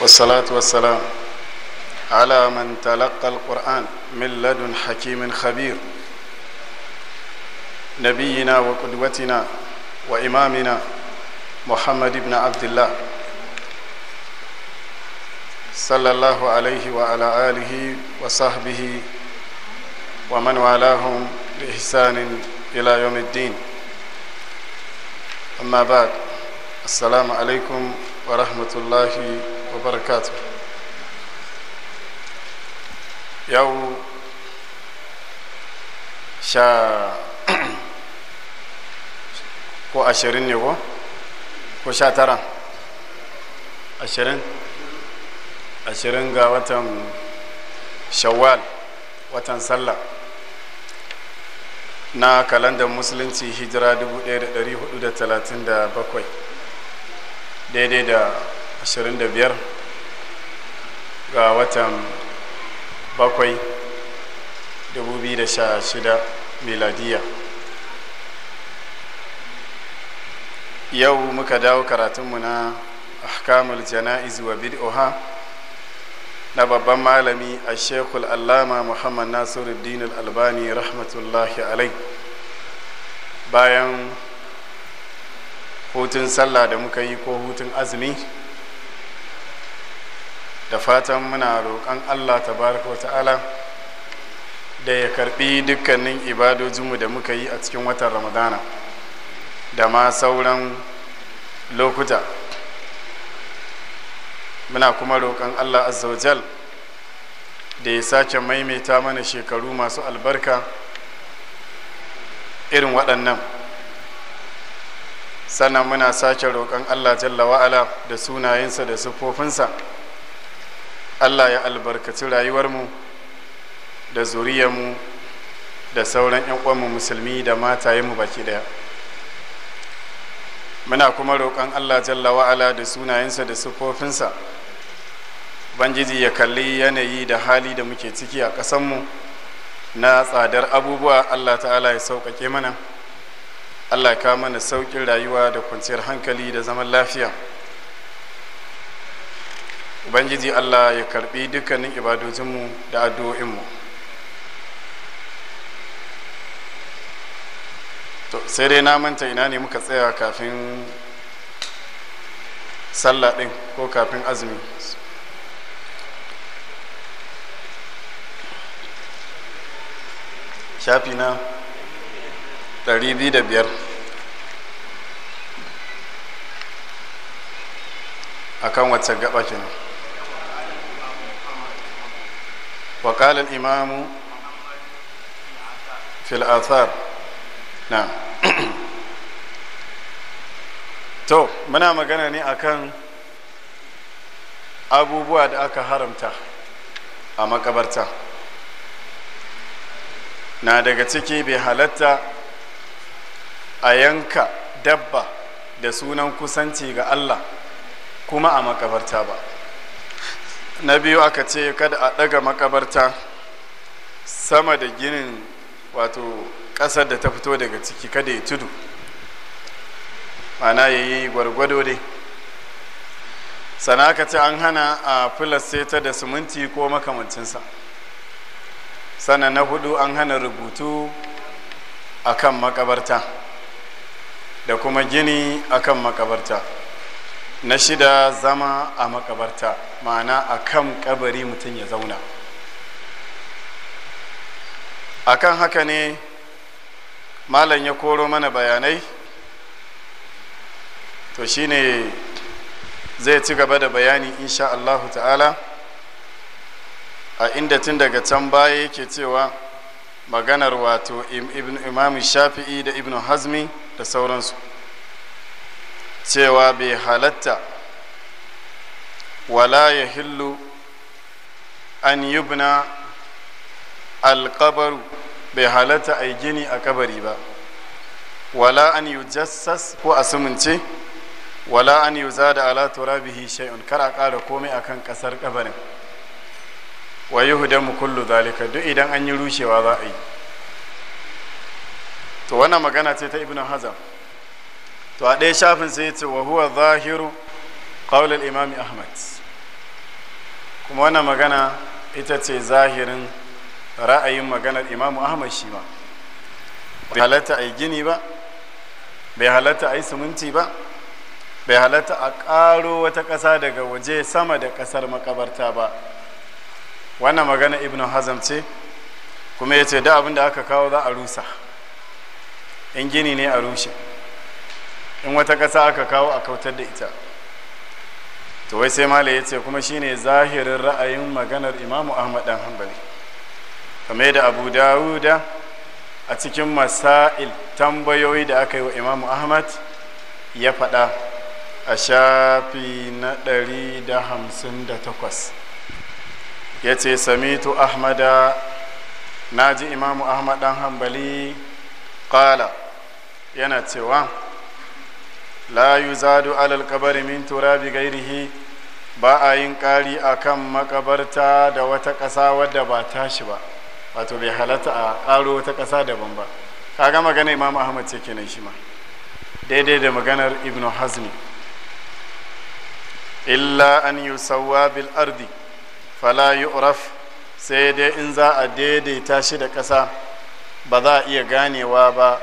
والصلاة والسلام على من تلقى القرآن من لدن حكيم خبير نبينا وقدوتنا وإمامنا محمد بن عبد الله صلى الله عليه وعلى آله وصحبه ومن والاهم بإحسان إلى يوم الدين أما بعد السلام عليكم ورحمة الله wabarakatu yau sha ko ashirin ne ko ko sha tara ashirin ashirin ga watan shawwal watan sallah na kalandar musulunci hijira 1437 daidai da 25 ga watan bakwai shida miladiya yau muka dawo karatunmu na ahkamul jana'iz wa bid'oha na babban malami a shekul allama muhammad nasiruddin albani rahmatullahi alai bayan hutun sallah da muka yi ko hutun azumi da fatan muna roƙon allah tabaraka ta'ala da ya karbi dukkanin ibadojinmu da muka yi a cikin watan ramadana da ma sauran lokuta muna kuma roƙon allah azzawajal da ya sake maimaita mana shekaru masu albarka irin waɗannan sannan muna sake roƙon allah jalla wa'ala da sunayensa da siffofinsa allah ya albarkaci rayuwarmu da zuriyarmu da sauran 'yan uwanmu musulmi da matayenmu baki daya muna kuma roƙon allah jalla wa'ala da sunayensa da siffofinsa banjiji ya kalli yanayi da hali da muke ciki a ƙasanmu na tsadar abubuwa allah ta'ala ya sauƙaƙe mana allah ka mana sauƙin rayuwa da kwanciyar hankali da zaman lafiya ubangiji allah ya karbi dukkanin ibadojinmu da addu'o'inmu to sai dai na manta ina ne muka tsaya kafin sallah ɗin ko kafin azumi shafi na 205 akan wacce gaba kenan وقال الإمام في الآثار نعم to muna magana ne akan abubuwa da aka haramta a makabarta na daga ciki bai halatta a yanka dabba da sunan kusanci ga Allah kuma a makabarta ba na biyu aka ce kada a ɗaga makabarta sama da ginin wato ƙasar da ta fito daga ciki kada ya tudu mana ya yi gwargwado dai sana aka ce an hana a filasteta da siminti ko makamancinsa Sana na hudu an hana rubutu a kan makabarta da kuma gini a kan makabarta na shida zama a makabarta ma'ana a kan kabari mutum ya zauna a kan haka ne malam ya koro mana bayanai to shine zai ci gaba da bayani insha Allahu ta'ala a inda tun daga can baya yake cewa maganar wato imam shafi'i da ibn hazmi da sauransu cewa bai halatta wala ya hillu an yi bina alkabaru bai halatta a gini a kabari ba wala an yi jassas ko a sumunce wala an yi za da alatura bihi shay'un kar a ƙara komai a kan ƙasar kabarin wa yi mu kullu zalika duk idan an yi rushewa za a yi to wannan magana ce ta ibn hazam to a ɗaya shafin sai ce wa huwa zahiru ƙaular imami ahmad kuma wannan magana ita ce zahirin ra'ayin maganar imamu ahmad shi ba. bai halatta a gini ba bai halatta a yi siminti ba bai halatta a ƙaro wata ƙasa daga waje sama da ƙasar makabarta ba wannan magana ibn hazam ce kuma ya ce da abin da aka kawo za a rusa in gini ne a rushe in wata kasa aka kawo a kautar da ita to wai sai malai ya ce kuma shine zahirin ra'ayin maganar imamu ahmad dan hanbali kame da abu dawuda a cikin masail tambayoyi da aka yi wa imamu ahmad ya faɗa a shafi na 158 ya ce samitu ahmada na ji imamu ahmad dan Hambali ƙala yana cewa la zadu alal kabari min turabi gairihi ba a yin ƙari a kan makabarta da wata ƙasa wadda ba ta shi ba wato bai halatta a ƙaro wata ƙasa daban ba ka ga magana imam ahmad ce kenan shi ma daidai da maganar ibn hazmi illa an yusawwa bil ardi fala uraf sai dai in za a daidaita shi da ƙasa ba za a iya ganewa ba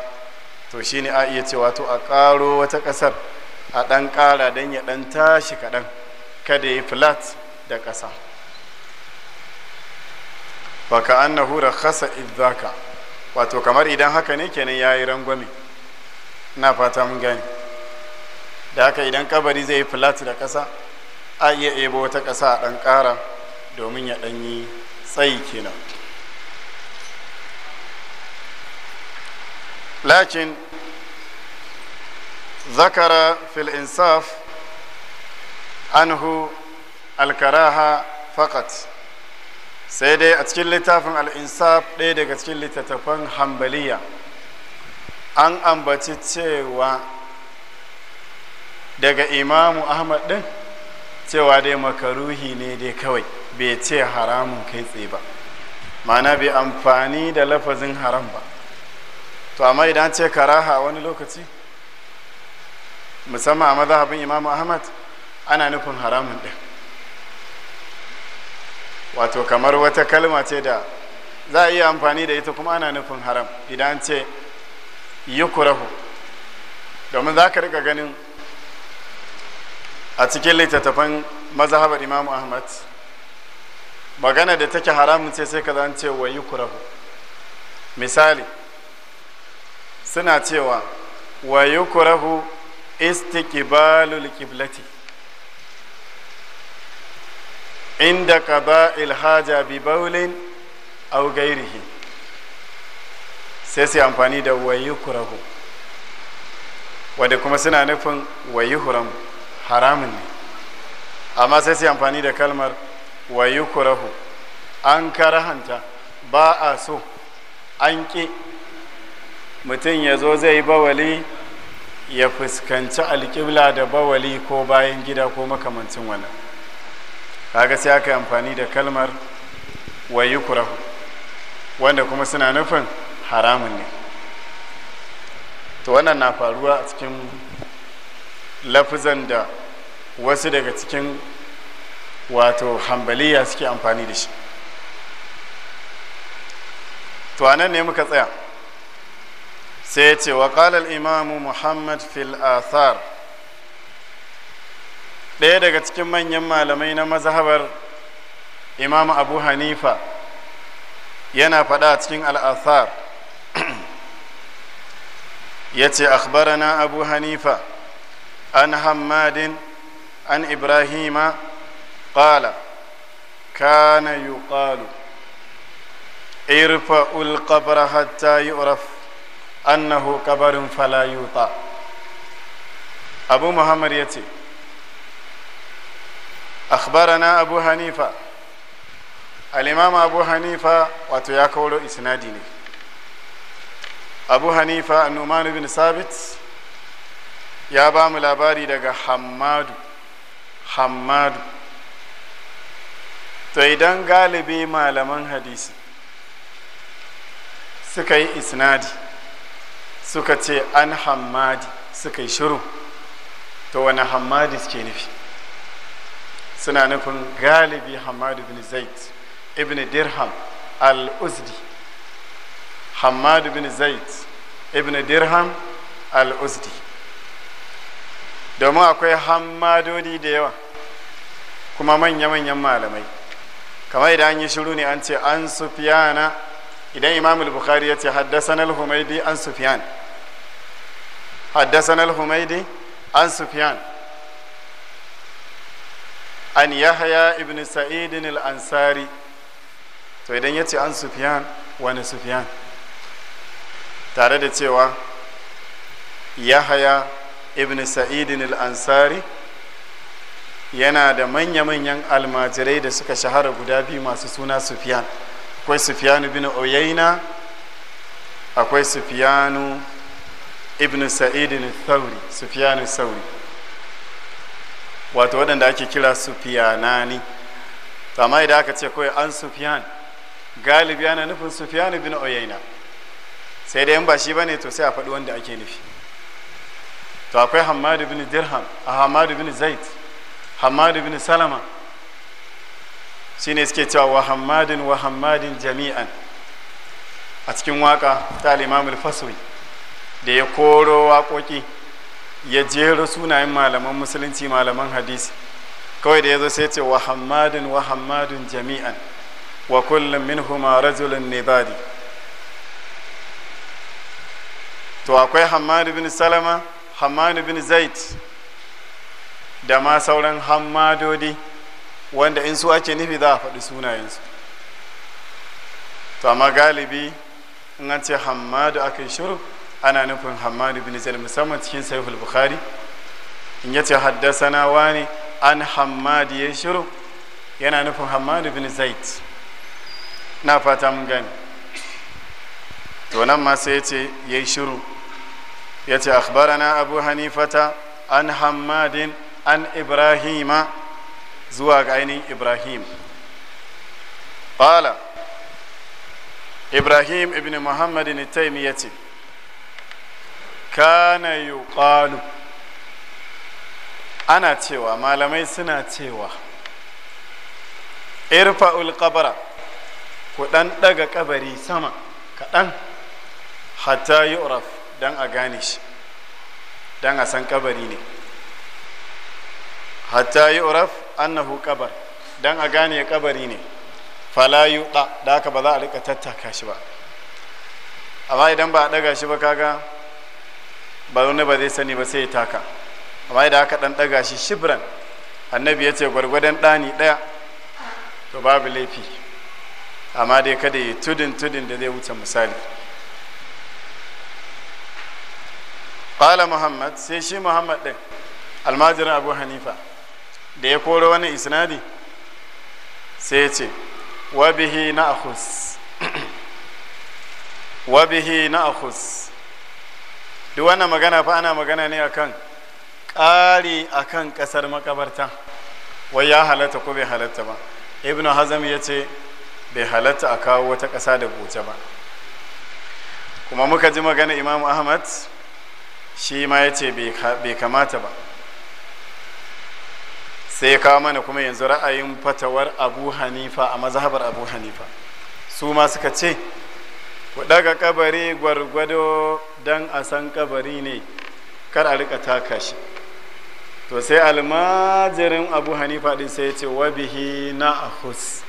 to shi ne a iya ce wato a ƙaro wata ƙasar a ɗan ƙara don ya ɗan tashi kaɗan kada ya flat da ƙasa ba ka an nahura khasa idzaka wato kamar idan haka ne kenan ya yi rangwame na fata mun gani da haka idan kabari zai yi flat da ƙasa a iya ebo wata ƙasa a ɗan ƙara domin ya ɗan yi tsayi kenan lakin ذكر في الإنصاف عنه الكراهة فقط sai dai a cikin littafin al'insaf ɗaya daga cikin littattafan hambaliya an ambaci cewa daga imamu ahmad ɗin cewa dai makaruhi ne dai kawai bai ce haramun kai ba mana bai amfani da lafazin haram ba to amma idan ce karaha wani lokaci musamman a mazhabin imamu ahmad ana nufin haramun ɗin wato kamar wata kalma ce da za a iya amfani da ita kuma ana nufin haram idan ce yi kurahu domin za ka rika ganin a cikin littattafan mazhabar imamu ahmad magana da take haramun ce sai ka zan ce wa yi kurahu misali suna cewa wa yi kurahu istiqbalul qiblati inda qada'il haja bi baulin aw ghairihi sai sai amfani da wayu wanda kuma suna nufin wayuhuram haramun ne amma sai sai amfani da kalmar wayu an karahanta ba a so an ƙi mutum ya zo zai yi bawali ya fuskanci alƙibla da bawali ko bayan gida ko makamancin wannan kaga sai aka yi amfani da kalmar wayi kurahu wanda kuma suna nufin haramun ne to wannan na faruwa a cikin lafizan da wasu daga cikin wato hambaliya suke amfani da shi to anan ne muka tsaya سيتي وقال الإمام محمد في الآثار ليه ده كتكم من يما لمينا مزهبر إمام أبو حنيفة ينا فدات كين الآثار يتي أخبرنا أبو حنيفة أن حماد أن إبراهيم قال كان يقال ارفعوا القبر حتى يعرف annahu kabarin falayuta abu muhammad ya ce akhbarana abu hanifa al'imama abu hanifa wato ya kawo isnadi ne abu hanifa annuman bin sabit ya ba mu labari daga hammadu hammadu to idan galibi malaman hadisi suka yi isnadi suka ce an hammadi suka yi shiru to wani hammadi suke nufi suna nufin galibi hammadu bin zaid ibn dirham al-uzdi hammadu bin zaid ibn dirham al-uzdi domin akwai hammadodi da yawa kuma manya-manyan malamai kamar idan an yi shiru ne an ce an sufiyana idan imam al-bukhari ya ce haddasana al-humaidi an sufyan haddasan al-humaidi an sufyan an yahya ibn sa'id al-ansari to idan ya ce an sufyan wani sufyan tare da cewa yahya ibn sa'id al-ansari yana da manya-manyan almajirai da suka shahara guda biyu masu suna sufyan akwai sufyanu bin oyaina akwai sufyanu ibn sa'idin Sauri, sufyanu sauri wato waɗanda ake kira sufiyanani amma idan aka ce kawai an sufiyan galibi yana nufin sufyanu bin oyaina sai dai in ba shi bane to sai a faɗi wanda ake nufi to akwai hamadu bin dirham a hamadu bin zaid hamadu bin salama shine suke cewa wa hammadin wa hammadin jami'an a cikin waka ta al faswi da ya koro waƙoƙi ya jero sunayen malaman musulunci malaman hadisi kawai da ya zo sai ce wa hammadin wa hammadin jami'an wa kullum minhuma rajulun nibadi to akwai hammadu bin salama hammadu bin Zaid da ma sauran hammadodi wanda in su ake nufi za a faɗi sunayensu to amma galibi in an ce hamadu aka yi shuru ana nufin hamadu bin zai musamman cikin saiful bukhari in ya ce haddasana wani an hamadu ya shuru yana nufin hamadu bin zaid na fata mun gani to nan ma sai ya ce ya yi shuru ya ce akhbarana abu hanifata an hamadin an ibrahima zuwa ga ainihin ibrahim ƙala ibrahim ibn muhammadin na kana ƙalu ana cewa malamai suna cewa irfa'ul qabara ku ɗan ɗaga ƙabari sama kaɗan hatta uraf, don a gane shi dan a san kabari ne hatta uraf. annahu kabar dan a gane kabari ne fala da haka ba za a rika tattaka shi ba amma idan ba a daga shi ba kaga ba wani ba zai sani ba sai ya taka amma idan aka dan daga shi shibran annabi ya ce gwargwadon ɗani ɗaya to babu laifi amma dai kada yi tudin tudin da zai wuce misali ƙala muhammad sai shi muhammad ɗin almajirin abu hanifa da ya koro wani isnadi sai ya ce wa na akhus wa na akhus duk wannan magana fa ana magana ne akan ƙari kan ƙasar makabarta wai ya halatta ko bai halatta ba ibnu hazam ya ce bai halatta a kawo wata ƙasa da buce ba kuma muka ji magana imam ahmad shi ma ya ce bai kamata ba sai ya kawo mana kuma yanzu ra'ayin fatawar abu hanifa a mazhabar abu hanifa su ma suka ce ku daga kabari gwargwado don a san kabari ne kar a rika taka shi to sai almajirin abu hanifa din sai ya ce wabihi na ahus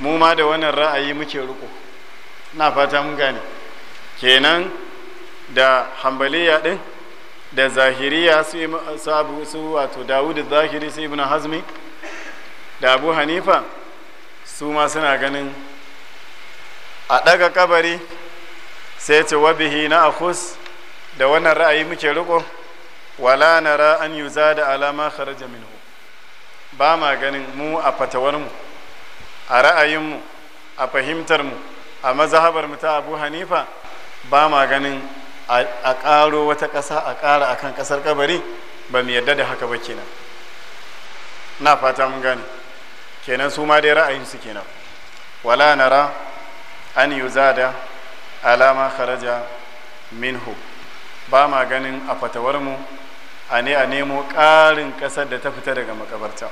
mu ma da wannan ra'ayi muke riko na fata mun gane kenan da hambaliya din da zahiriya su su wato dawud zahiri su ibn hazmi da abu hanifa su ma suna ganin a ɗaga kabari sai ce wabihi na akus da wannan ra'ayi muke riko wala nara an za da alama kharaja minhu ba ma ganin mu a fatawarmu a ra'ayinmu a fahimtarmu a mazahabar mu ta abu hanifa ba ma ganin a ƙaro wata ƙasa a ƙara a kan ƙasar kabari ba mu yadda da haka ba kenan na fata mun gane kenan su ma dai ra'ayin su kenan wala nara an yi yuzada alama kharaja minhu ba ma ganin a fatawarmu a ne a nemo ƙarin ƙasar da ta fita daga makabarta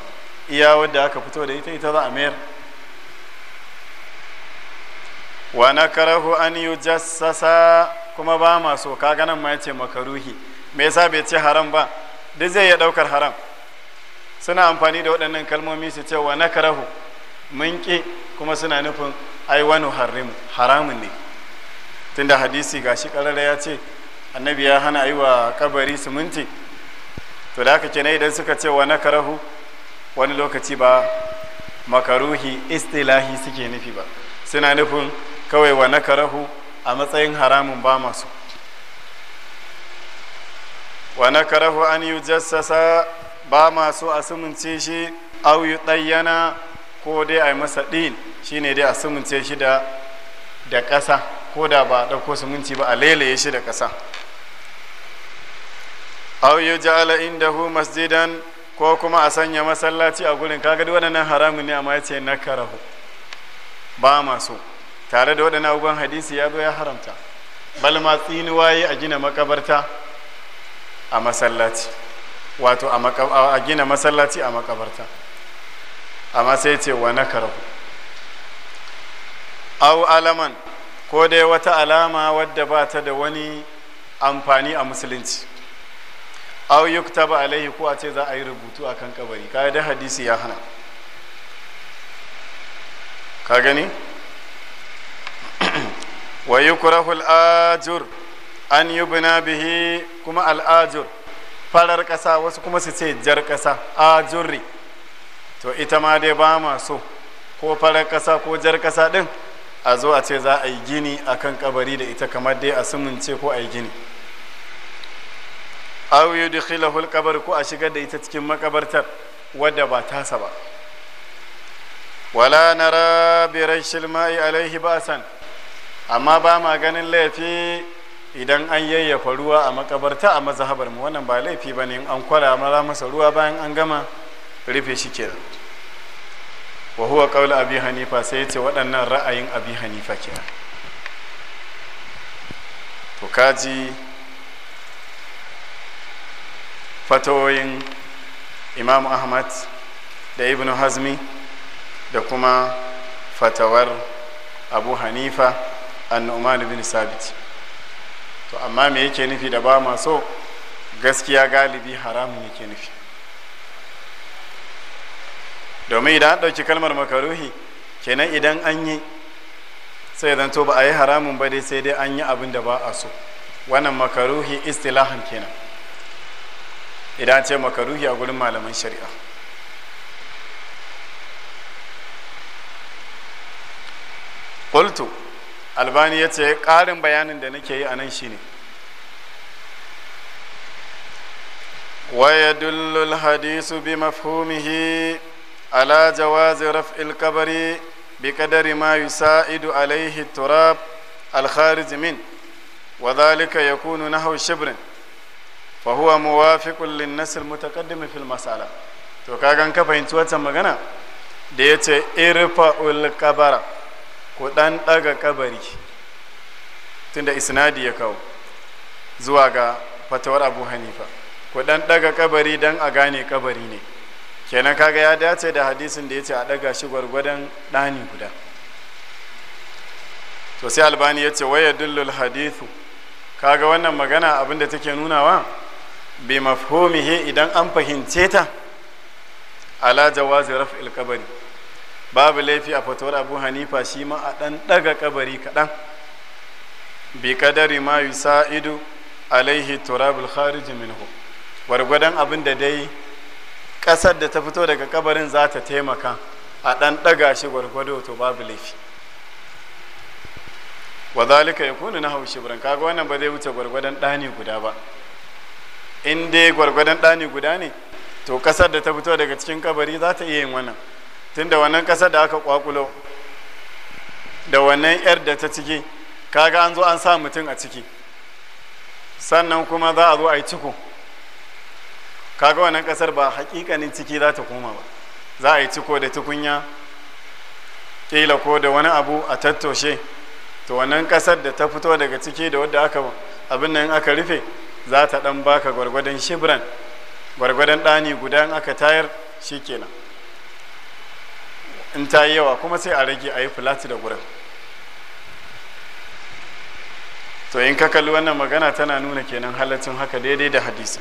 iya wadda aka fito da ita ita za a mayar wa na karahu an yujassasa kuma ba ma so ka ganin ma yace makaruhi me yasa bai ce haram ba duk zai ya daukar haram suna amfani da waɗannan kalmomi su ce wa nakarahu mun ki kuma suna nufin ai wani harim haramun ne tunda hadisi gashi karara ya ce annabi ya hana yi wa kabari minti to da haka ne idan suka ce wa nakarahu wani lokaci ba makaruhi istilahi suke nufi ba suna nufin kawai wa nakarahu a matsayin haramun ba masu wa na karahu an yi jassasa ba masu asumunce shi au yi ɗayyana ko dai a yi masa ɗin shi ne dai asumunce shi da ƙasa ko da ba ɗauko sumunci ba a lailaye shi da ƙasa au yi ja'ala indahu masjidan ko kuma a sanya masallaci a gurin kaga duk waɗannan haramun ne amma ya ce na karahu ba masu tare da waɗannan abubuwan hadisi ya zo ya haramta balma tsinuwa yi a gina makabarta a masallaci wato a gina masallaci a makabarta amma sai ce wa na karbu au alaman ko dai wata alama wadda ba ta da wani amfani a musulunci au ba alaihi ko a ce za a yi rubutu a kan kabari kayan da hadisi ya hana ka gani wa yukrahu al-ajur an yubna bihi kuma al'ajur farar ƙasa wasu kuma su ce jar ƙasa ajurri to ita ma dai ba ma so ko farar ƙasa ko jar ƙasa ɗin a zo a ce za a yi gini a kan ƙabari da ita kamar dai a sumunce ko a yi gini aw yudkhilahu al-qabr ko a shigar da ita cikin makabartar wadda ba tasa ba wala nara shilma'i rashil ma'i alaihi ba'san amma ba ma ganin laifi idan an yayyafa ruwa a makabarta a mazhabar mu wannan ba laifi ba ne an kwala mara masa ruwa bayan an gama rufe shi ke wa huwa qaul abi hanifa sai ce waɗannan ra'ayin abi hanifa kenan to kaji fatoyin imam ahmad da ibnu hazmi da kuma fatawar abu hanifa annu'man bin sabit to amma me yake nufi da ba ma so gaskiya galibi haramun yake nufi domin idan an ɗauki kalmar makaruhi kenan idan an yi sai zan to ba a yi haramun ba dai sai dai an yi abin da ba a so wannan makaruhi istilahan kenan idan ce makaruhi a gurin malaman shari'a qultu albani ya ce ƙarin bayanin da nake yi anan nan shi ne waya hadisu bi mafhumihi ala jawazi raf'il kabari bi kadari ma yusa'idu alaihi turab alkhariji min wa zalika yakunu nahu shibrin fa huwa muwafiqun lin nasr mutaqaddim to kagan ka fahimci wannan magana da yace irfa ul kabara ku ɗan ɗaga kabari tunda isnadi ya kawo zuwa ga fatawar abu hanifa ku ɗan ɗaga kabari don a gane kabari ne kenan kaga ya dace da hadisin da ya ce a ɗaga shi gwargwadon ɗani guda to sai albani ya ce waya dullul hadithu kaga wannan magana abinda take nunawa bi mafhumihi idan an fahimce ta ala jawazi raf'il kabari babu laifi a fatuwar abu hanifa shi ma a ɗan ɗaga kabari kaɗan bi kadari ma yusa'idu alaihi turabul kharij minhu wargwadon abin da dai ƙasar da ta fito daga kabarin za ta taimaka a ɗan ɗaga shi gwargwado to babu laifi wa zalika ya kunu na haushi buran kaga wannan ba zai wuce gwargwadon ɗani guda ba in dai gwargwadon ɗani guda ne to ƙasar da ta fito daga cikin kabari za ta iya yin wannan Tun da wannan ƙasar da aka kwakulo da wannan yar da ta ciki kaga an zo an sa mutum a ciki sannan kuma za a zo a yi ciko kaga wannan ƙasar ba hakikanin ciki za ta koma ba za a yi ciko da tukunya kila ko da wani abu a tattoshe to wannan ƙasar da ta fito daga ciki da wadda aka abin nan aka rufe za ta ɗan baka gwargwadon shibran gwargwadon ɗani guda aka tayar shikenan in ta yi yawa kuma sai a rage a yi filati da gurin to in ka kalli wannan magana tana nuna kenan halaccin haka daidai da hadisi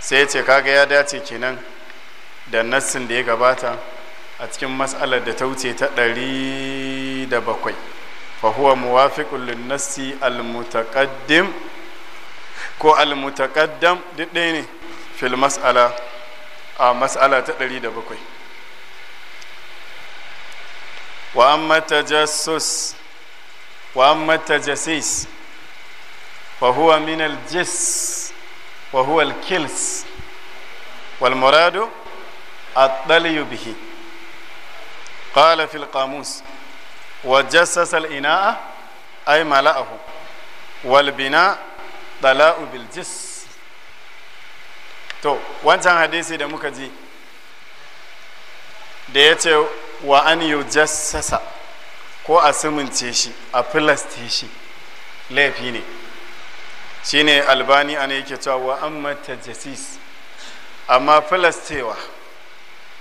sai ya ce kaga ya dace kenan da nassin da ya gabata a cikin mas'alar da ta wuce ta ɗari da bakwai fahuwa muwafiqun lin nassi almutaqaddim ko almutaqaddam duk ɗaya ne fil mas'ala a mas'ala ta ɗari da bakwai wa amma tajassus wa amma tajassis fa huwa min al-jiss wa wal muradu at-taliy bihi qala fi al-qamus wa jassasa al wal bina bil to wancan hadisi da muka ji da ce wa an jassasa ko a sumince shi a filaste shi laifi ne Shi ne albani ana yake cewa wa amma jasis. amma filastewa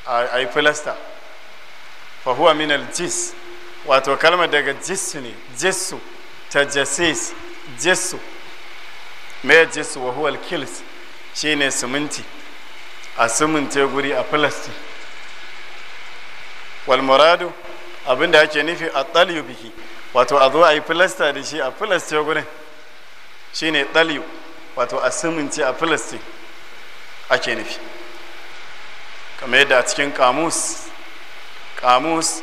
a yi filasta fahuwa min jis wato kalmar daga jisu ne jisu ta jasis, jisu, mai jisu, wa kils shi ne sumunti, a sumunce guri a filasti wal muradu abinda ake nufi a ɗaliyu bihi wato a zo a yi filasta da shi a filaste gurin shi ne ɗaliyu wato a siminci a filaste ake nufi kamar yadda a cikin kamus kamus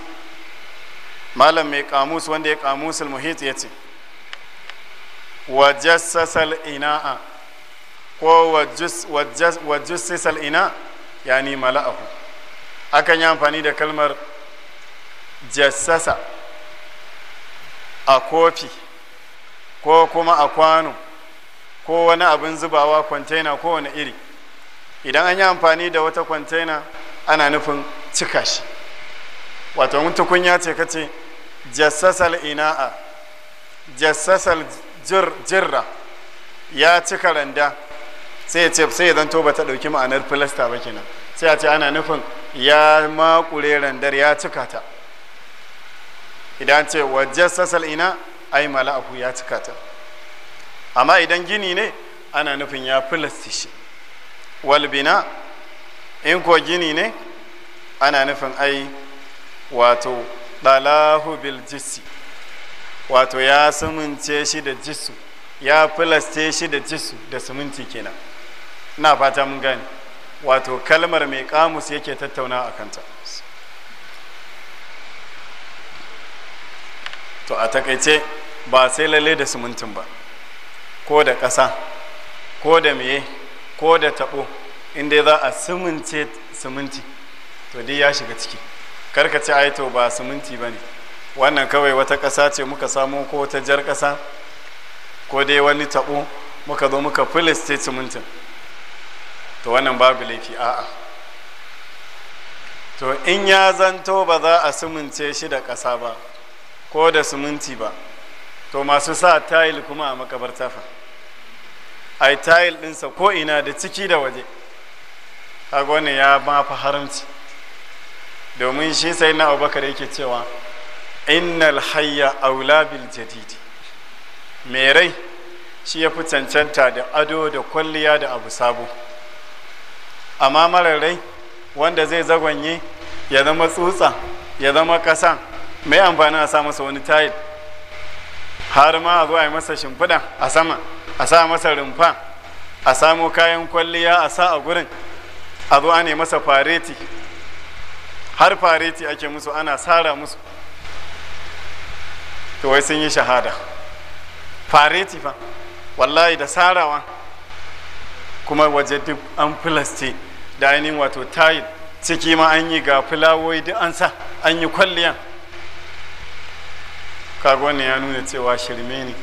malam mai kamus wanda ya kamusul muhit ya ce wa jassasal ina'a ko wa jussisal ina yani mala'ahu akan yi amfani da kalmar jassasa a kofi ko kuma a kwano ko wani abin zubawa kwantena ko wani iri idan an yi amfani da wata kwantena ana nufin cika shi wato tukunya ce kace jassasal ina'a jassasal jirra ya cika randa sai ya ce sai ya zanto ba ta ɗauki ma'anar filasta ba kenan sai a ce ana nufin ya makure randar ya cika ta idan ce wajen sassal ina ai mala'aku ya cika ta amma idan gini ne ana nufin ya filasti shi walbina in ko gini ne ana nufin ai wato ɗalahu bil wato ya sumunce shi da jisu ya filaste shi da jisu da suminci kenan na fata mun gani wato kalmar mai kamus yake tattauna a kanta to a takaice ba sai lalle da simintin ba ko da ƙasa ko da meye ko da taɓo inda za a simince siminti to dai ya shiga ciki karkace aito ba siminti ba ne wannan kawai wata ƙasa ce muka samo ko wata jar ƙasa ko dai wani taɓo muka zo muka ce simintin to wannan babu laifi a'a to in ya zanto ba za a sumunce shi da ƙasa ba ko da suminti ba to masu sa tayil kuma a makabarta fa yi tayil ɗinsa ko ina da ciki da waje kaga wani ya mafi haramci domin shi sai na abubakar yake cewa innal hayya aula bil jadidi mai rai shi ya fi cancanta da ado da kwalliya da abu sabo amma marar rai wanda zai zagonye ya zama tsutsa ya zama ƙasa mai amfani a sa masa wani tayil har ma a zo a yi masa shimfiɗa a sama a sa masa rumfa a samo kayan kwalliya a sa a gurin a zo ana masa fareti har fareti ake musu ana sara musu to wai sun yi shahada fareti fa wallahi da sarawa kuma waje duk an filaste da wato tayil ciki ma an yi ga fulawoyi duk an sa an yi kwalliyan kaga wannan ya nuna cewa shirme ne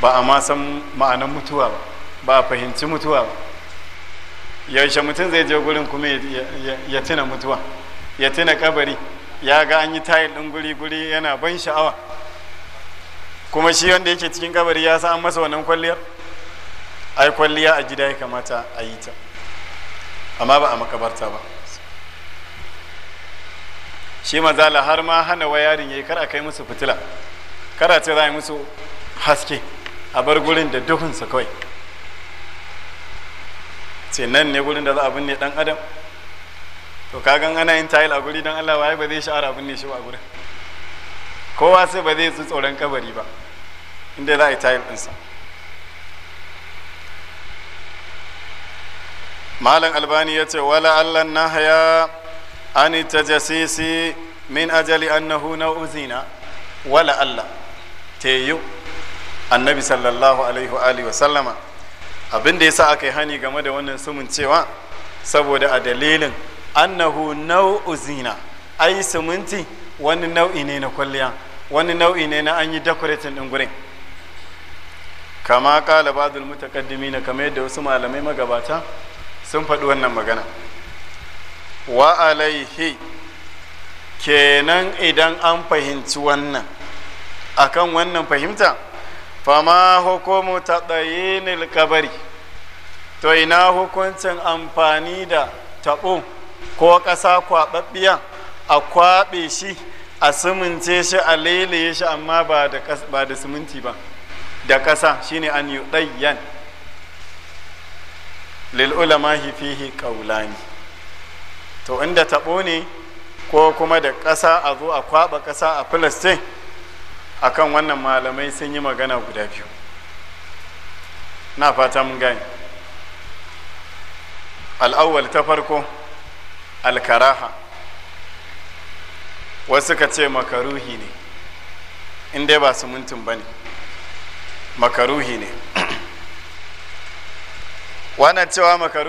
ba a ma san ma'anar mutuwa ba ba a fahimci mutuwa ba yaushe mutum zai je gurin kuma ya tuna mutuwa ya tuna kabari ya ga an yi tayil ɗin guri-guri yana ban sha'awa kuma shi wanda yake cikin kabari ya san an masa wannan kwalliyar ai kwalliya a gida ya kamata a yi ta amma ba a makabarta ba shi mazala har ma hana wa yarin yayi kar a kai musu fitila kar a ce za a yi musu haske a bar gurin da duhunsa kawai ce nan ne gurin da za a binne dan adam to kagan ana yin tayil a guri don allah waye ba zai sha'ara binne shi ba a gurin kowa sai ba zai tsoron kabari ba inda za a yi tayil ɗinsa malam albani ya ce wala allan na haya an tajasisi min ajali annahu na uzina wala allah teyu annabi sallallahu alaihi wa sallama abin da yasa aka yi hani game da wannan sumun cewa saboda a dalilin annahu nau'u zina ai suminti wani nau'i ne na kwalliya wani nau'i ne na an yi decorating ɗin gurin kama kala badul na kamar yadda wasu malamai magabata sun faɗi wannan magana wa alaihi kenan idan an fahimci wannan akan wannan fahimta fama hukumu ta kabari to ina hukuncin amfani da taɓo ko ƙasa kwaɓaɓɓiya a kwaɓe shi a simince shi a lailaye shi amma ba da siminti ba da ƙasa shine an yi ɗayyan lil fihi qaulani to inda taɓo ne ko kuma da ƙasa a zo a kwaɓa ƙasa a filistin akan wannan malamai sun yi magana guda biyu na fata mun gani al'awwal ta farko alkaraha wasu ka ce makaruhi ne in ba su muntin ba ne makaruhi ne Wanasema makaruhi